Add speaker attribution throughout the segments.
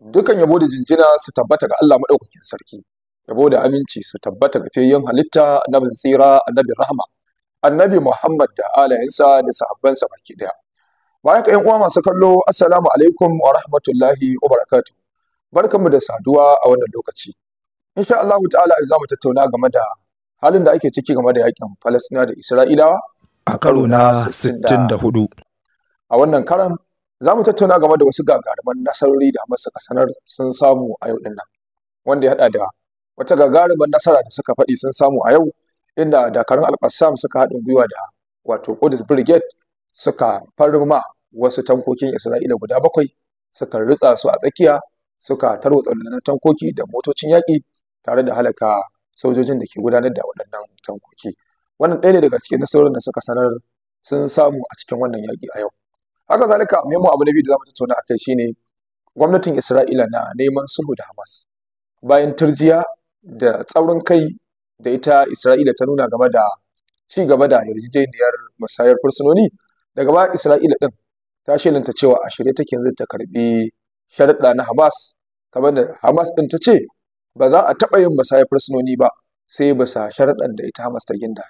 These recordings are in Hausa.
Speaker 1: dukan yabo da jinjina su tabbata ga Allah madaukakin sarki yabo da aminci su tabbata ga fiyayyen halitta annabi tsira annabi rahama annabi Muhammad da alayensa da sahabbansa baki daya bayan ka yan uwa masu kallo assalamu alaikum wa rahmatullahi wa barakatuh barkanmu da saduwa a wannan lokaci insha Allah ta'ala za mu tattauna game da halin da ake ciki game da yakin Falastina da Isra'ilawa a karo na 64 a wannan karan za mu tattauna game da wasu gagaruman nasarori da Hamas suka sanar sun samu a yau din nan wanda ya haɗa da wata gagarumin nasara da suka faɗi sun samu a yau inda dakarun alƙassam suka haɗin gwiwa da wato Qudus Brigade suka farma wasu tankokin Isra'ila guda bakwai suka ritsa su a tsakiya suka tarwatsa waɗannan tankoki da motocin yaƙi tare da halaka sojojin da ke gudanar da waɗannan tankoki wannan ɗaya ne daga cikin nasarorin da suka sanar sun samu a cikin wannan yaƙi a yau haka zalika muhimmin abu na biyu da zamu tattauna akai shine gwamnatin Isra'ila na neman sulhu da Hamas bayan turjiya da tsaurin kai da ita Isra'ila ta nuna game da ci gaba da yarjejeniyar musayar fursunoni daga baya Isra'ila din ta shelanta cewa a shirye take yanzu ta karbi sharuɗa na Hamas kamar da Hamas din ta ce ba za a taɓa yin musayar fursunoni ba sai bisa sharuɗan da ita Hamas ta ginda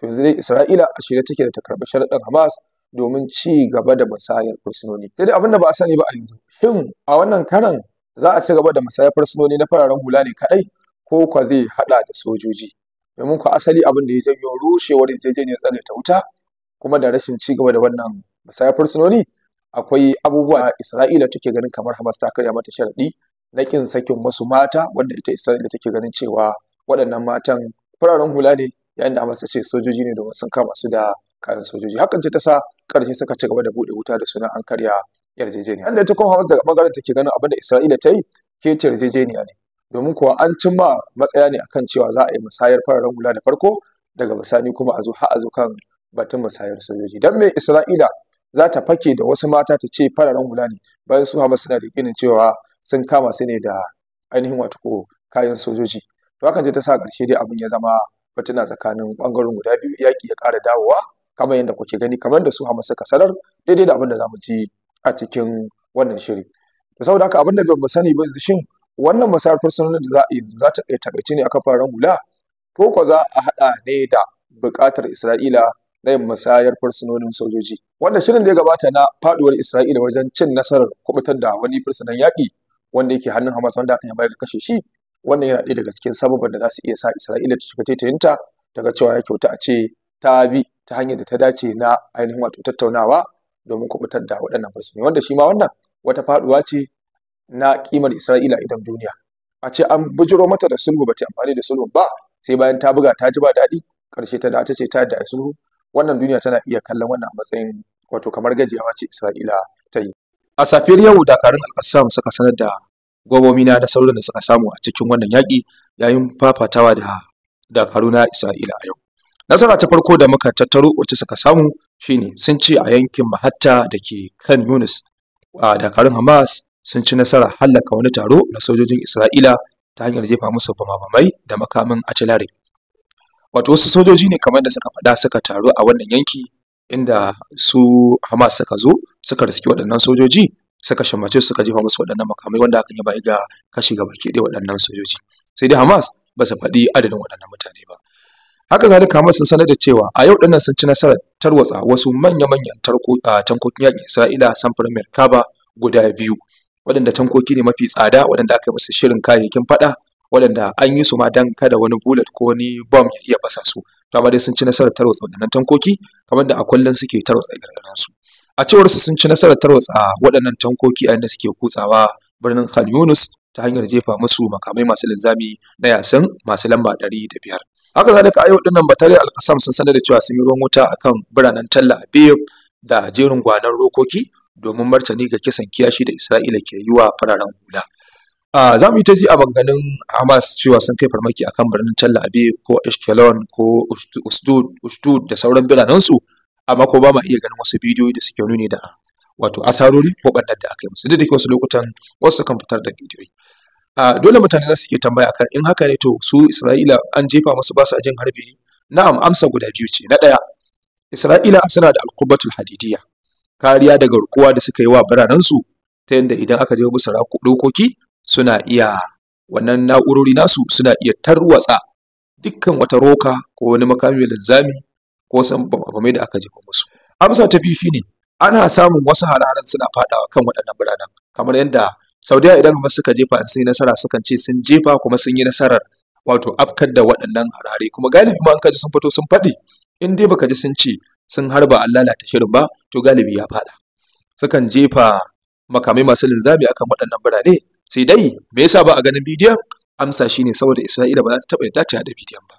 Speaker 1: to yanzu dai Isra'ila a shirye take da ta karbi sharuɗan Hamas domin ci gaba da musayar fursunoni sai dai abin ba a sani ba a yanzu shin a wannan karan za a ci gaba da musayar fursunoni na fararen hula ne kaɗai? ko kwa zai hada da sojoji domin ku asali abin da ya janyo rushewar yarjejeniyar tsare ta wuta kuma da rashin ci gaba da wannan musayar fursunoni akwai abubuwa Isra'ila take ganin kamar Hamas ta karya mata sharadi na kin sakin wasu mata wanda ita Isra'ila take ganin cewa waɗannan matan fararen hula ne yayin da Hamas ta ce sojoji ne domin sun kama su da karin sojoji hakan ce ta sa karshe suka ci gaba da buɗe wuta da sunan an karya yarjejeniya inda da kuma Hamas daga bangaren take ganin abin da Isra'ila ta yi ke ta yarjejeniya ne domin kuwa an cimma matsaya ne akan cewa za a yi musayar fararen hula da farko daga bisani kuma a zo har a zo kan batun musayar sojoji dan me Isra'ila za ta fake da wasu mata ta ce fararen hula ne bayan su Hamas suna da ginin cewa sun kama su ne da ainihin wato kayan sojoji to hakan ce ta sa ƙarshe dai abin ya zama fitina tsakanin ɓangaren guda biyu yaƙi ya ƙara dawowa kamar yadda kuke gani kamar da su hama suka sanar daidai da abin da zamu ci a cikin wannan shiri Da saboda haka abin da ba mu sani ba shin wannan masayar fursunonin da za a yi za ta iya takaice ne a kafar rangula, ko ko za a haɗa ne da buƙatar Isra'ila na yin musayar fursunonin sojoji wanda shirin da ya gabata na faɗuwar Isra'ila wajen cin nasarar kubutar da wani fursunan yaƙi wanda yake hannun Hamas wanda aka yi kashe shi wannan yana ɗaya daga cikin sababin da za su iya sa Isra'ila ta shiga daga cewa ya kyauta a ce ta bi ta hanyar da ta dace na ainihin wato tattaunawa domin kubutar da waɗannan fursunoni wanda shi ma wannan wata faduwa ce na kimar Isra'ila idan duniya a ce an bujiro mata da sulhu bata amfani da sulhu ba sai bayan ta buga ta ji ba daɗi ƙarshe ta da ta ce ta da sulhu wannan duniya tana iya kallon wannan a matsayin wato kamar gajiyawa ce Isra'ila ta yi a safiyar yau dakarun alƙasam suka sanar da gwamnati na saurin da suka samu a cikin wannan yaƙi yayin fafatawa da dakaru na Isra'ila a yau nasara ta farko da muka tattaro wacce suka samu shine sun ci a yankin mahatta da ke kan yunus a dakarun hamas sun ci nasara hallaka wani taro na sojojin isra'ila ta hanyar jefa musu bamabamai da makamin artillery wato wasu sojoji ne kamar da suka faɗa suka taru a wannan yanki inda su hamas suka zo suka riski waɗannan sojoji suka shammace su suka jefa musu waɗannan makamai wanda hakan ya ba ga kashi gaba ke waɗannan sojoji sai dai hamas ba su faɗi adadin waɗannan mutane ba haka zalika kamar sun sanar da cewa a yau dinnan sun ci nasarar tarwatsa wasu manya-manyan tankokin yakin Isra'ila samfurin Markaba guda biyu waɗanda tankoki ne mafi tsada waɗanda aka yi musu shirin kayayyakin faɗa waɗanda an yi su ma dan kada wani bullet ko wani bomb ya iya fasa su to amma dai sun ci nasarar tarwatsa waɗannan tankoki kamar da a kullum suke tarwatsa gargaran su a cewar su sun ci nasarar tarwatsa waɗannan tankoki a inda suke kutsawa birnin Khan Yunus ta hanyar jefa musu makamai masu linzami na yasin masu lamba ɗari da biyar. haka zalika a yau dinnan batare alkasam sun sanar da cewa sun yi ruwan wuta akan biranen talla a aviv da jerin gwanan rokoki domin martani ga kisan kiyashi da isra'ila ke yi wa fararen hula za mu yi ta ji a banganin hamas cewa sun kai farmaki akan birnin a aviv ko ashkelon ko ustud da sauran biranen su, amma ko ba ma iya ganin wasu bidiyoyi da suke nuni da wato asarori ko ɓannar da aka yi musu duk da wasu lokutan wasu kan fitar da bidiyoyi a dole mutane za su iya tambaya akan in haka ne to su Isra'ila an jefa masu ba su ajin harbi ne na'am amsa guda biyu ce na ɗaya Isra'ila suna da alkubatul Hadidiya, kariya daga rukuwa da suka yi wa biranensu ta yadda idan aka je musu dokoki suna iya wannan na'urori nasu suna iya tarwatsa dukkan wata roka ko wani makami linzami ko san babamai da aka jefa musu amsa ta bifi ne ana samun wasu hare suna faɗawa kan waɗannan biranen kamar yadda saudiya idan kuma suka jefa in sun yi nasara sukan ce sun jefa kuma sun yi nasarar wato afkar da waɗannan harare kuma galibi ma an kaji sun fito sun faɗi in dai baka ji sun ce sun harba an lalata shirin ba to galibi ya faɗa sukan jefa makamai masu linzami akan waɗannan birane sai dai me yasa ba a ganin bidiyon amsa shine saboda isra'ila ba za ta taɓa yadda ta yada bidiyon ba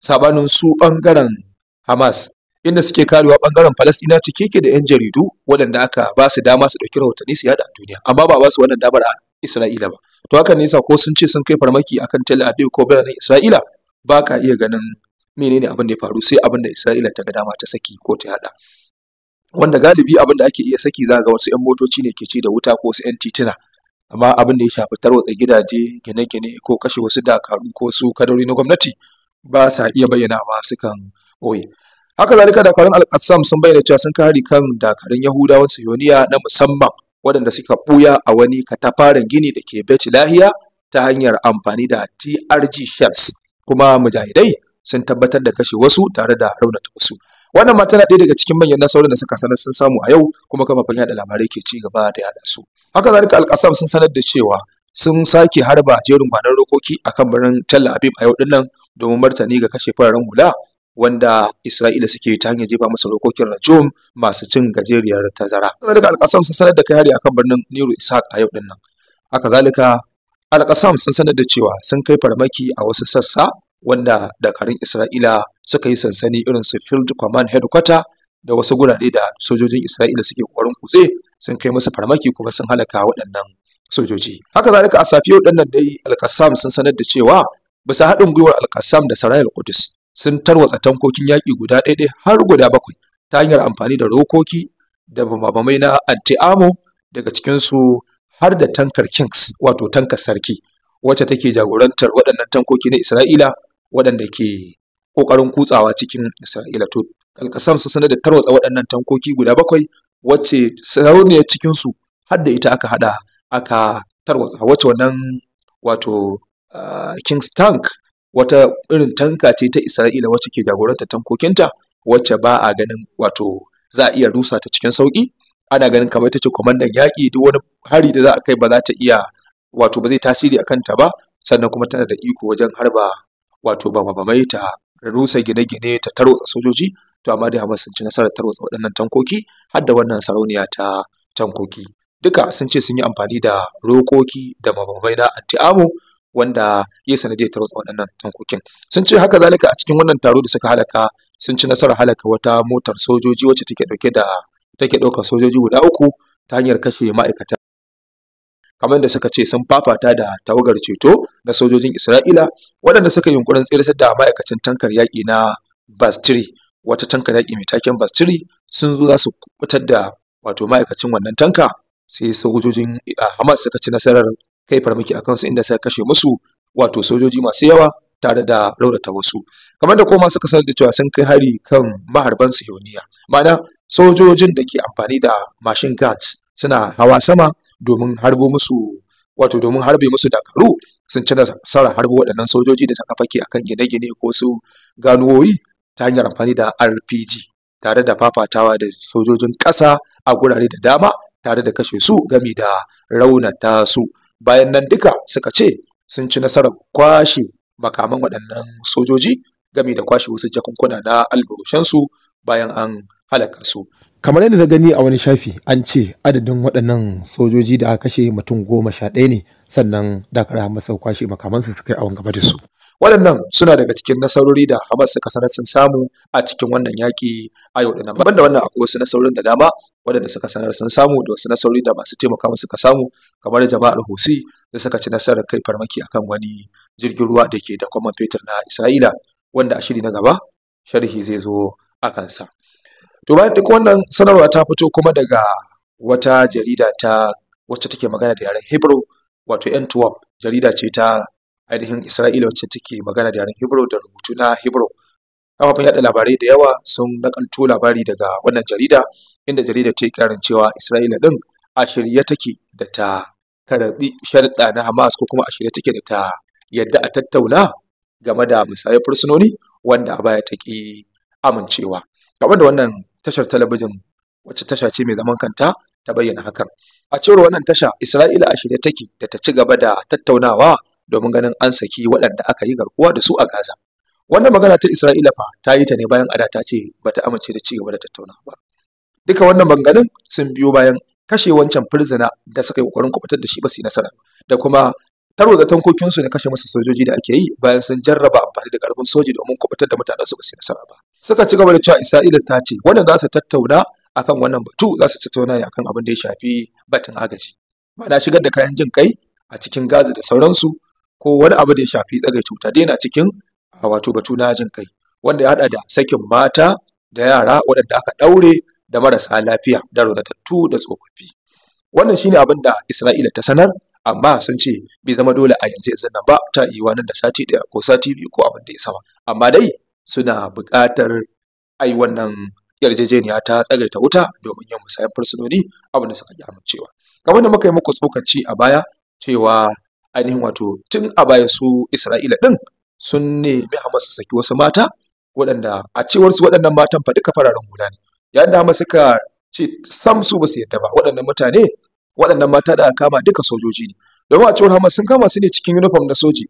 Speaker 1: sabanin su ɓangaren hamas inda suke karewa bangaren Falastina cike ke da 'yan jaridu waɗanda aka ba su dama su ɗauki rahotanni su yada a duniya amma ba ba su wannan damar a Isra'ila ba to hakan nesa ko sun ce sun kai farmaki akan Tel Aviv ko biranen Isra'ila ba ka iya ganin menene abin da ya faru sai abin da Isra'ila ta ga dama ta saki ko ta yaɗa wanda galibi abin da ake iya saki za ga wasu 'yan motoci ne ke ci da wuta ko wasu 'yan tituna, amma abin da ya shafi tarwatsa gidaje gine-gine ko kashe wasu dakaru ko su kadori na gwamnati ba sa iya bayyana bayyanawa sukan ɓoye haka zalika dakarun alƙassam sun bayyana cewa sun kare kan dakarun yahudawan sihoniya na musamman waɗanda suka buya a wani katafaren gini da ke beci lahiya ta hanyar amfani da trg shells kuma mujahidai sun tabbatar da kashe wasu tare da raunata wasu wannan ma tana ɗaya daga cikin manyan nasarorin da suka sanar sun samu a yau kuma kafafen yada labarai ke ci gaba da yada su haka zalika alƙasam sun sanar da cewa sun sake harba jerin gwanon rokoki akan birnin Tel Aviv a yau din nan domin martani ga kashe fararen hula wanda Isra'ila suke ta hanyar jefa masa rokokin Rajom masu cin gajeriyar tazara. Daga Alƙasam sun sanar da kai hari akan birnin Nero Isaac a yau din nan. Haka zalika Alƙasam sun sanar da cewa sun kai farmaki a wasu sassa wanda dakarun Isra'ila suka yi sansani irin su Field Command Headquarter da wasu gurare da sojojin Isra'ila suke kokarin kutse sun kai masa farmaki kuma sun halaka waɗannan sojoji. Haka zalika a safiyar ɗannan dai Alƙasam sun sanar da cewa bisa haɗin gwiwar Alƙasam da Sarayar Qudus sun tarwatsa tankokin yaƙi guda ɗaiɗai har guda bakwai ta hanyar amfani da rokoki da bamabamai na antiamo daga cikinsu har da tankar kings wato tankar sarki wacce take jagorantar waɗannan tankoki na isra'ila waɗanda ke ƙoƙarin kutsawa cikin isra'ila to alƙasam su sanar da tarwatsa waɗannan tankoki guda bakwai wacce sarauniyar cikinsu har da ita aka haɗa aka tarwatsa wacce wannan wato ah, kings tank wata irin tanka ce ta Isra'ila wacce ke jagoranta tankokinta wacce ba a ganin wato za a iya rusa ta cikin sauki ana ganin kamar ita ce kwamandan yaƙi duk wani hari da za a kai ba za ta iya wato ba zai tasiri a kanta ba sannan kuma tana da iko wajen harba wato ba mamamai ta rusa gine-gine ta tarwatsa sojoji to amma dai Hamas sun ci nasarar tarwatsa waɗannan tankoki har da wannan sarauniya ta tankoki duka sun ce sun yi amfani da rokoki da mabamai na anti anti'amu wanda ya sanadiyar tarwatsa waɗannan tankokin sun ce haka zalika a cikin wannan taro da suka halaka sun ci nasarar halaka wata motar sojoji wacce take ɗauke da take ɗaukar sojoji guda uku ta hanyar kashe ma'aikata kamar da suka ce sun fafata da tawagar ceto na sojojin Isra'ila waɗanda suka yunkurin tsere da ma'aikacin tankar yaƙi na Bastiri wata tankar yaƙi mai taken Bastiri sun zo za su kubutar da wato ma'aikacin wannan tanka sai sojojin Hamas suka ci nasarar kai farmaki a kansu inda suka kashe musu wato sojoji masu yawa tare da raunata wasu kamar da koma suka sanar da cewa sun kai hari kan maharban sihoniya ma'ana sojojin da ke amfani da machine guns suna hawa sama domin harbo musu wato domin harbe musu dakaru sun ci nasarar harbo waɗannan sojoji da suka fake akan gine-gine ko su ganuwoyi ta hanyar amfani da rpg tare da fafatawa da sojojin ƙasa a gurare da dama tare da kashe su gami da raunata su bayan nan duka suka ce sun ci nasarar kwashe makaman waɗannan sojoji gami da kwashe wasu jakunkuna na alburushansu bayan an halaka su kamar yadda na gani a wani shafi an ce adadin waɗannan sojoji da aka kashe mutum goma sha ɗaya ne sannan dakar masa kwashe makamansu suka yi awon gaba da su waɗannan suna daga cikin nasarori da Hamas suka sanar sun samu a cikin wannan yaƙi a yau dinnan banda wannan akwai wasu nasarorin da dama waɗanda suka sanar sun samu da wasu nasarori da masu taimakawa suka samu kamar jama'ar Husi da suka ci nasarar kai farmaki akan wani jirgin ruwa da ke da kwamman fetur na Isra'ila wanda a shiri na gaba sharhi zai zo a kansa. To bayan duk wannan sanarwa ta fito kuma daga wata jarida ta wacce take magana da yaren Hebrew wato N12 jarida ce ta ainihin Isra'ila wacce take magana da yaren Hibro da rubutu na Hibro. Kafafen yaɗa labarai da yawa sun nakalto labari daga wannan jarida inda jarida ta yi ƙarin cewa Isra'ila ɗin a shirye take da ta karɓi sharɗa na Hamas ko kuma a shirye take da ta yadda a tattauna game da musayar fursunoni wanda a baya ta ƙi amincewa. Kamar da wannan tashar talabijin wacce tasha ce mai zaman kanta ta bayyana hakan. A cewar wannan tasha, Isra'ila a shirye take da ta ci gaba da tattaunawa domin ganin an saki waɗanda aka yi garkuwa da su a Gaza. Wannan magana ta Isra'ila fa ta yi ta ne bayan ada ta ce ba ta amince da cigaba da tattaunawa ba. Duka wannan banganin sun biyo bayan kashe wancan firzina da suka yi kokarin kubutar da shi ba su yi nasara da kuma tarwatsa tankokinsu da kashe masa sojoji da ake yi bayan sun jarraba amfani da ƙarfin soji domin kubutar da mutanensu ba su yi nasara ba. Suka ci gaba da cewa Isra'ila ta ce wannan za su tattauna akan wannan batu za su tattauna ne akan abin da ya shafi batun agaji. Ma'ana shigar da kayan jin kai a cikin Gaza da sauransu ko wani abu da ya shafi tsagar cuta dai na cikin wato batu na jin kai wanda ya hada da sakin mata da yara waɗanda aka ɗaure da marasa lafiya da ronatattu da tsofaffi wannan shine abin da isra'ila ta sanar amma sun ce bai zama dole a yanzu yanzu nan ba ta yi nan da sati ɗaya ko sati biyu ko abin da ya sama amma dai suna buƙatar ai wannan yarjejeniya ta tsagaita wuta domin yin musayan fursunoni abin da suka ji amincewa kamar da muka yi muku tsokaci a baya cewa ainihin wato tun a bayan su Isra'ila ɗin sun nemi Hamas su saki wasu mata waɗanda a cewar su waɗannan matan fa duka fararen hula ne yayin da Hamas suka ce sam su ba su yadda ba waɗannan mutane waɗannan mata da aka kama duka sojoji ne domin a cewar Hamas sun kama su ne cikin uniform na soji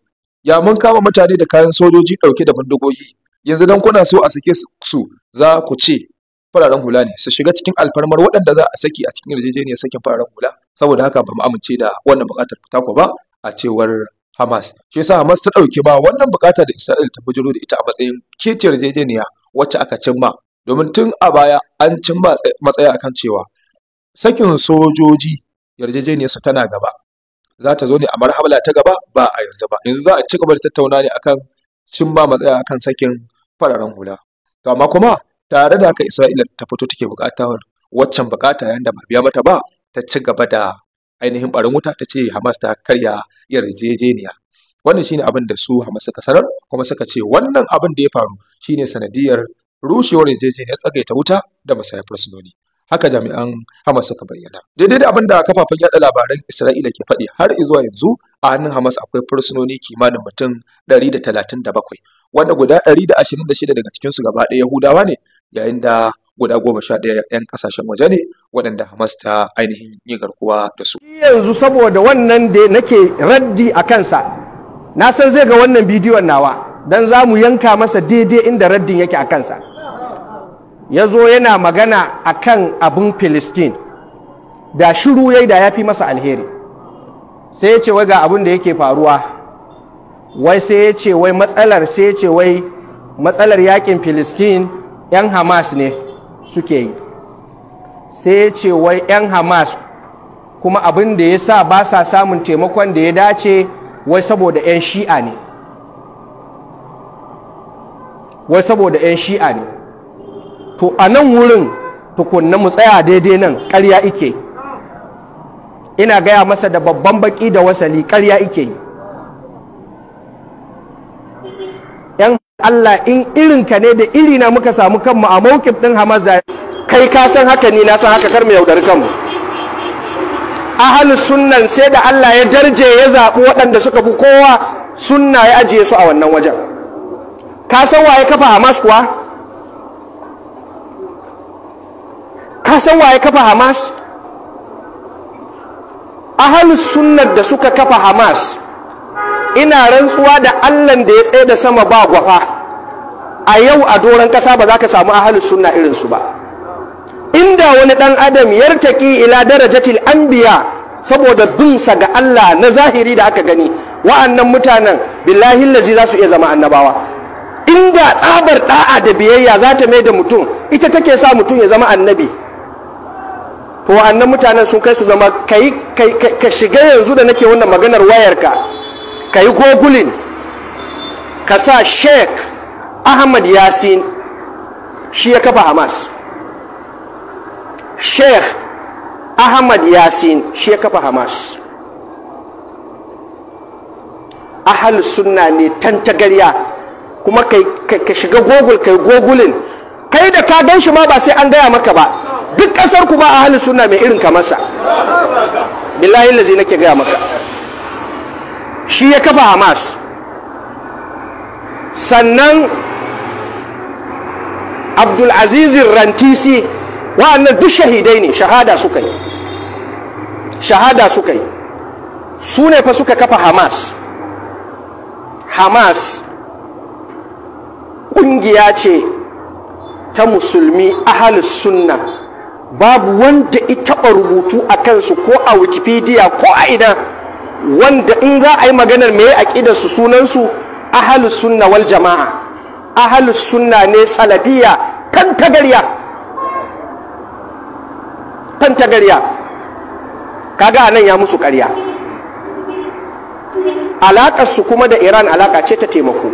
Speaker 1: ya mun kama mutane da kayan sojoji ɗauke da bindigogi yanzu dan kuna so a sake su za ku ce fararen hula ne su shiga cikin alfarmar waɗanda za a saki a cikin yarjejeniyar sakin fararen hula saboda haka ba mu amince da wannan buƙatar taku ba a cewar Hamas shi yasa Hamas ta ɗauki ba wannan bukata da Isra'il ta bujiro da ita a matsayin keciyar yarjejeniya wacce aka cimma domin tun a baya an cimma matsaya akan cewa sakin sojoji yarjejeniyarsu tana gaba za ta zo ne a marhabala ta gaba ba a yanzu ba yanzu za a ci gaba da tattauna ne akan cimma matsaya akan sakin fararen hula to amma kuma tare da haka Isra'ila ta fito take bukatar waccan bukata yanda da ba biya mata ba ta ci gaba da ainihin barin wuta ta ce Hamas ta karya yarjejeniya wannan shine abin da su Hamas suka sanar kuma suka ce wannan abin da ya faru shine sanadiyar rushewar yarjejeniyar tsagaita wuta da musayar fursunoni haka jami'an Hamas suka bayyana daidai da abin da kafafen yaɗa labaran Isra'ila ke faɗi har zuwa yanzu a hannun Hamas akwai fursunoni kimanin mutum ɗari da 137 wanda guda ɗari da da shida daga cikinsu gaba ɗaya Yahudawa ne yayin da guda goma sha ɗaya 'yan ƙasashen waje ne waɗanda Hamas ta ainihin yi garkuwa da su.
Speaker 2: Yanzu saboda wannan da nake raddi a kansa, na san zai ga wannan bidiyon nawa don za mu yanka masa daidai inda raddin yake a kansa. Ya zo yana magana a kan abin Filistin, da shiru ya da ya fi masa alheri. Sai ya ce wai ga abin da yake faruwa, wai sai ya ce wai matsalar sai ya ce wai matsalar yakin Filistin 'yan Hamas ne. suke yi sai ya ce wai 'yan hamas kuma abin da ya sa ba sa samun taimakon da ya dace wai saboda 'yan shi'a ne wai saboda 'yan shi'a ne to a nan wurin tukunna mu tsaya daidai nan ƙarya ike ina gaya masa da babban baƙi da wasali ƙarya ike yi Allah in irinka ne da irina muka samu kanmu a mawkif din hamaza kai ka san haka ni na san haka kar mu yaudari kanmu ahalus sunnan sai da Allah ya darje ya zaɓi waɗanda suka fi kowa sunna ya ajiye su a wannan wajen ka san waye kafa Hamas kuwa ka san waye kafa Hamas ahalus sunnan da suka kafa Hamas ina rantsuwa da allan da ya tsaye da sama ba gwafa a yau a doron kasa ba za ka samu ahalus sunna irinsu ba inda wani dan adam yartaki ila darajatil biya saboda dunsa ga Allah na zahiri da aka gani wa'annan mutanen billahi lazi za su iya zama annabawa inda tsabar da'a da biyayya za ta mai da mutum ita take sa mutum ya zama annabi to wa'annan mutanen sun kai su zama ka shiga yanzu da nake wannan maganar wayarka ka yi gogulin ka sa sheik ahmad yasin shi ya kafa hamas sheik ahmad yasin shi ya kafa hamas ahal sunna ne tantagarya kuma ka shiga gogul yi gogulin kai da ka gan shi ma ba sai an gaya maka ba duk ƙasar ku ba ahal sunna mai irin kamarsa billahi lazi nake gaya maka shi ya kafa hamas sannan abdulazizin rantisi wa'annan duk shahidai ne shahada suka yi shahada suka yi su ne fa suka kafa hamas hamas ƙungiya ce ta musulmi ahalus sunna babu wanda ita rubutu a kansu ko a wikipedia ko a idan wanda in za a yi maganar me aqidar su sunan su sunna wal jamaa sunna ne salafiya kan tagariya kan tagariya kaga anan ya musu karya. alaƙar su kuma da iran alaƙa ce ta taimako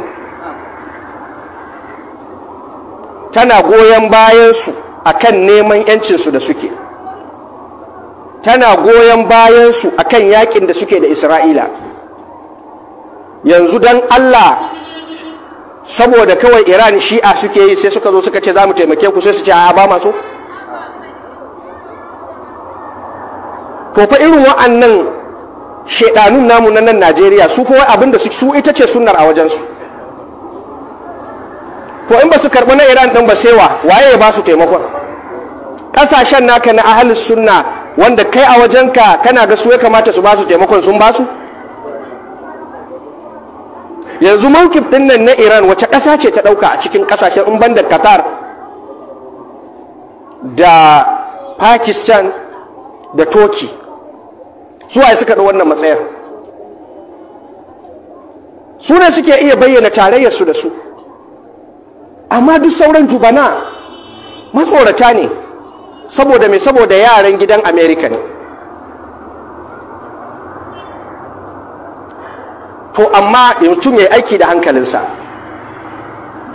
Speaker 2: tana goyon bayansu su akan neman 'yancinsu da suke tana goyon bayansu a kan yakin da suke da isra'ila yanzu don allah saboda kawai iran shi'a suke yi sai suka zo suka ce za mu taimake ku sai su ce a ba masu to fa irin wa'annan shaidanun namu na nan najeriya su abin abinda su ita ce sunar a wajensu to in ba su karɓi na iran ɗin ba sai wa waye ba su taimakon ƙasashen naka na ahalin sunna wanda kai a wajenka kana ga su ya kamata su ba su taimakon sun ba su yanzu maukif din nan na iran wace ƙasa ce ta ɗauka a cikin ƙasashen in banda qatar da pakistan da turkey waye suka da wannan matsayar su suke iya bayyana tarayyarsu da su amma duk sauran jubana matsorata ne saboda mai saboda yaran gidan Amerika ne to amma mutum ya yi aiki da hankalinsa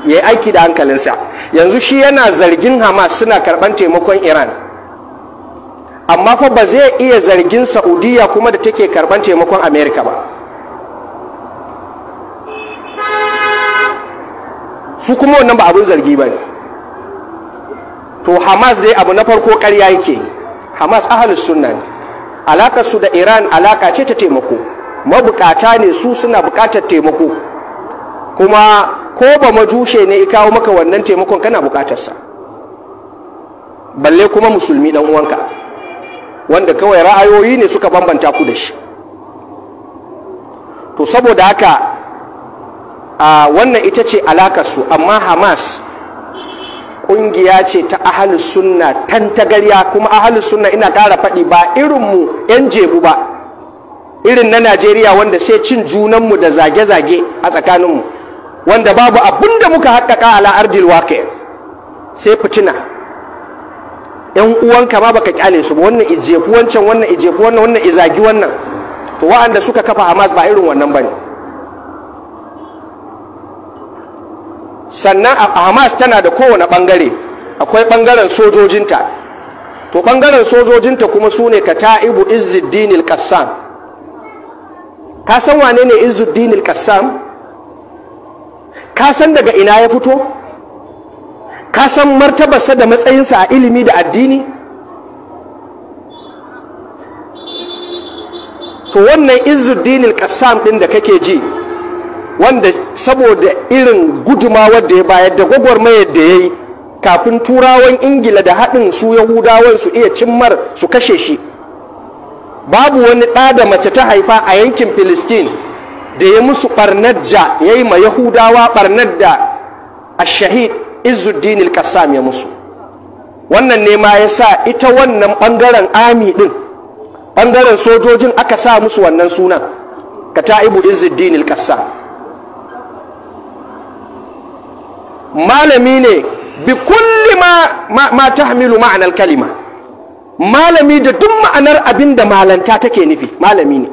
Speaker 2: ya yi aiki da hankalinsa yanzu shi yana zargin hamas suna karban taimakon iran amma fa ba zai iya zargin saudiya kuma da take karban taimakon Amerika ba su kuma wannan ba abin zargi ba ne to hamas dai abu na farko karya yake hamas ahalus sunna ne su da iran alaka ce ta taimako mabukata ne su suna bukatar taimako kuma ko ba majushe ne ikawo maka wannan taimakon kana bukatarsa balle kuma musulmi dan uwanka wanda kawai ra'ayoyi ne suka bambanta ku da shi to saboda haka a wannan ita ce su amma hamas kungiya ce ta ahalus sunna tantagarya kuma ahalus sunna ina ƙara faɗi ba irin mu yan jebu ba irin na Najeriya wanda sai cin junan mu da zage-zage a tsakanin mu wanda babu abin da muka haƙaƙa a la'arjil waƙe sai fitina yan uwanka ma baka kyale su wannan ijefu wancan wannan ijefu wannan wannan izagi wannan to wa'anda suka kafa Hamas ba irin wannan bane sannan a hamas tana da kowane bangare akwai bangaren sojojinta to ɓangaren sojojinta kuma su ne ka ta'ibu izzuddin al ka san wane ne izzuddin al ka san daga ina ya fito ka san martabarsa da matsayinsa a ilimi da addini to wannan izzuddin ƙasam din ɗin da kake ji wanda saboda irin guduma wadda ya bayar da gwagwarmayar da ya yi kafin turawan ingila da haɗin su yahudawan su iya cimmar su kashe shi babu wani ɗa da mace ta haifa a yankin Filistin da ya musu ɓarnar da ya yi ma yahudawa ɓarnar da ashahid izuddin al-qassam ya musu wannan ne ma ya sa ita wannan ɓangaren ami ɗin ɓangaren sojojin aka sa musu wannan sunan ka ta ibu izuddin al malami ne bi kulli ma ma tahmilu ma'anar kalima malami da duk ma'anar abin da malanta take nufi malami ne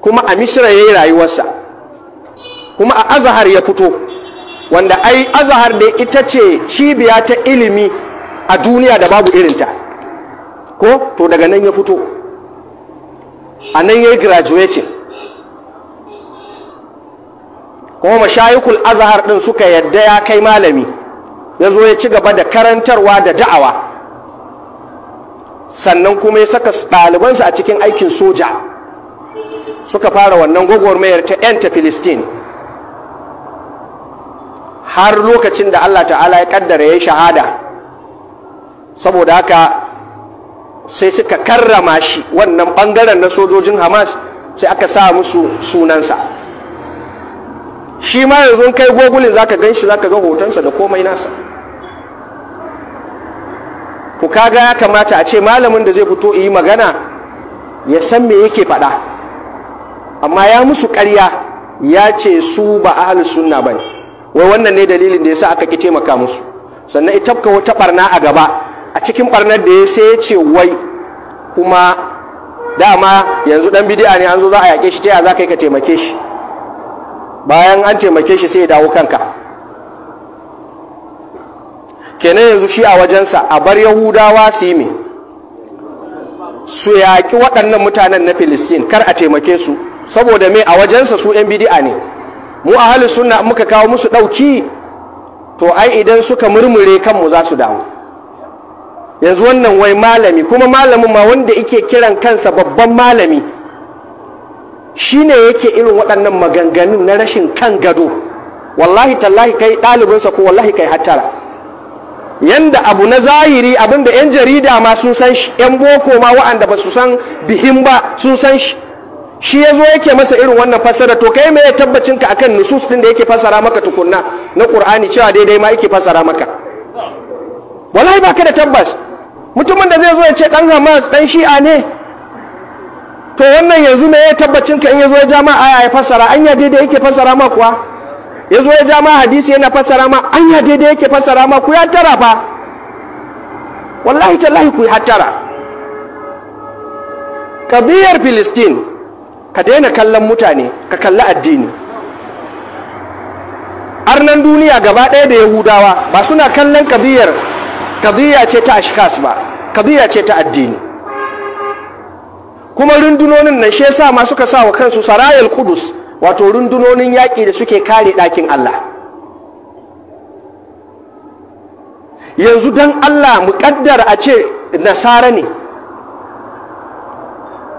Speaker 2: kuma a misra yayi rayuwarsa kuma a azahar ya fito wanda ai azahar da ita ce cibiya ta ilimi a duniya da babu irinta ko to daga nan ya fito a nan ya yi graduating kuma mashayikul azhar din suka yadda ya kai malami ya zo ya ci gaba da karantarwa da da'awa sannan kuma ya saka ɗalibansa a cikin aikin soja suka fara wannan gwagwarmayar ta 'yanta filistin har lokacin da allah ta'ala ya kaddara ya yi shahada saboda haka sai suka karrama shi wannan bangaren na sojojin hamas sai aka sa musu sunansa shi ma yanzu kai gogulin ka gan shi za ka ga hotonsa da komai nasa ku kaga ya kamata a ce malamin da zai fito yi magana ya san me yake faɗa amma ya musu karya, ya ce su ba ahlus sunna ba wai wannan ne dalilin da ya sa aka ki taimaka musu sannan ita ka wata barna a gaba a cikin barnar da ya sai ya ce wai kuma dama yanzu dan bidi'a ne an zo za a yaƙe shi ta ya za ka yi ka taimake shi bayan an taimake shi sai ya dawo kanka kenan yanzu shi a wajensa a bar yahudawa su yi su yaƙi waɗannan mutanen na filistin kar a taimake su saboda mai a wajensa su 'yan bidi'a ne mu a halin suna muka kawo musu ɗauki to ai idan suka murmure kanmu za su dawo yanzu wannan wai malami kuma malamin ma wanda ike kiran kansa babban malami Shi ne yake irin waɗannan maganganun na rashin kan gado wallahi tallahi kai ɗalibinsa ko wallahi kai hattara yanda abu na zahiri abinda 'yan jarida ma sun san shi 'yan boko ma wa'anda ba su san bihin ba sun san shi shi ya zo yake masa irin wannan fassara to kai mai tabbacin ka akan nusus din da yake fassara maka tukunna na ƙur'ani cewa daidai ma yake fasara maka wallahi baka da tabbas mutumin da zai zo ya ce dan hamas dan shi'a ne to wannan yanzu me ya tabbacin ka in yazo ya jama'a aya ya fassara ya daidai yake fassara ma kuwa yazo ya jama'a hadisi yana fassara ma ya daidai yake fassara ma ku ya tara fa wallahi tallahi ku ya tara kabiyar filistin ka daina kallon mutane ka kalli addini arnan duniya gaba ɗaya da yahudawa ba suna kallon kabiyar kadiya ce ta ashkas ba kabiya ce ta addini kuma rundunonin nan shi yasa ma suka sa wa kansu sarayal kudus wato rundunonin yaƙi da suke kare ɗakin Allah yanzu don Allah mu a ce nasara ne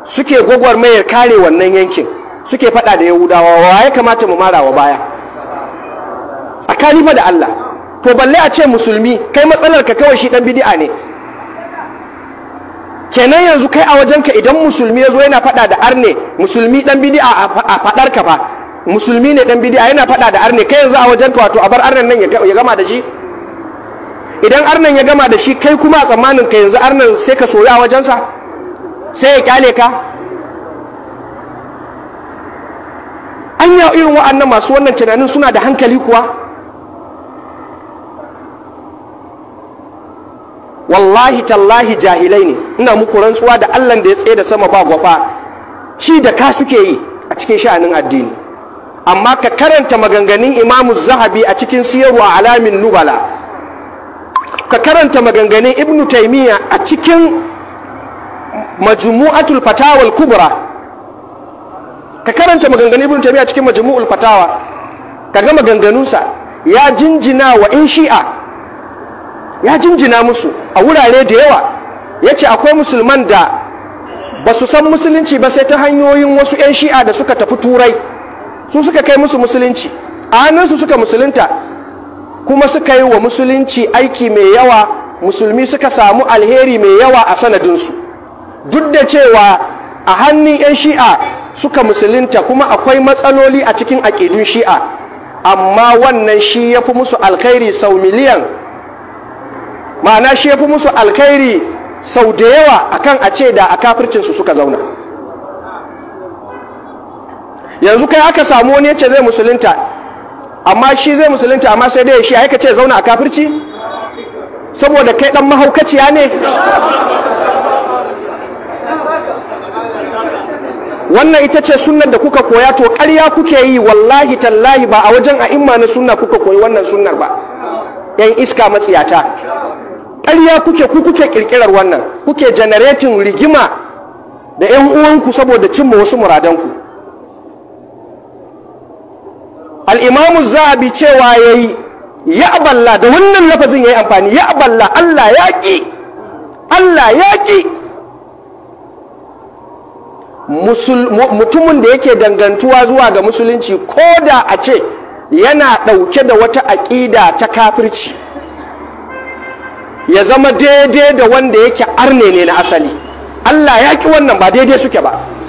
Speaker 2: suke gwagwarmayar kare wannan yankin suke faɗa da yahudawa wa ya kamata mu mara wa baya tsakani fa da Allah to balle a ce musulmi kai matsalar ka kawai shi ɗan bidi'a ne kenan yanzu kai a wajenka idan musulmi ya zo yana faɗa da arne musulmi dan bidi'a a faɗar ka fa musulmi ne dan bidi'a yana faɗa da arne kai yanzu a wajenka wato a bar arnen nan ya gama da shi idan arnan ya gama da shi kai kuma a tsammanin ka yanzu arnan sai ka soya a wajensa sai ya kyale ka an yi irin wa'annan masu wannan tunanin suna da hankali kuwa wallahi tallahi jahilai ne ina muku rantsuwa da Allah da ya tsaye da sama ba gwaba ci da ka suke yi a cikin sha'anin addini amma ka karanta maganganun imamu zahabi a cikin siyarwa alamin nubala ka karanta maganganun ibnu taimiyya a cikin majmu'atul fatawal kubra ka karanta maganganun ibnu taimiyya a cikin majmu'ul fatawa ka ga maganganunsa ya jinjina wa in shi'a ya jinjina musu a wurare da yawa ya ce akwai musulman da ba su san musulunci ba sai ta hanyoyin wasu 'yan shi'a da suka tafi turai su suka kai musu musulunci a hannunsu suka musulunta kuma suka yi wa musulunci aiki mai yawa musulmi suka samu alheri mai yawa a sanadinsu duk da cewa a hannun 'yan shi'a suka musulunta kuma akwai matsaloli a cikin aƙidun shi'a amma wannan shi ya fi musu alkhairi sau miliyan ma'ana shi ya fi musu alkhairi sau da yawa akan a ce da a kafircinsu suka zauna yanzu kai aka samu wani yace zai musulunta amma shi zai musulunta amma sai dai shi aika ce zauna a kafirci saboda kai dan mahaukaciya ne wannan ita ce sunnar da kuka koya to karya kuke yi wallahi tallahi ba a wajen a'imma na sunna kuka koyi wannan sunnar ba yan iska matsiyata ƙarya kuke ku kuke ƙirƙirar wannan kuke generating rigima da ƴan uwanku saboda cimma wasu muradanku al'imamu zahabi cewa ya yi ya aballa da wannan lafazin ya yi amfani ya aballa allah ya ƙi allah ya ƙi mutumin da yake dangantuwa zuwa ga musulunci ko da a ce yana ɗauke da wata aƙida ta kafirci ya zama daidai da wanda yake arne ne na asali Allah ya ki wannan ba daidai suke ba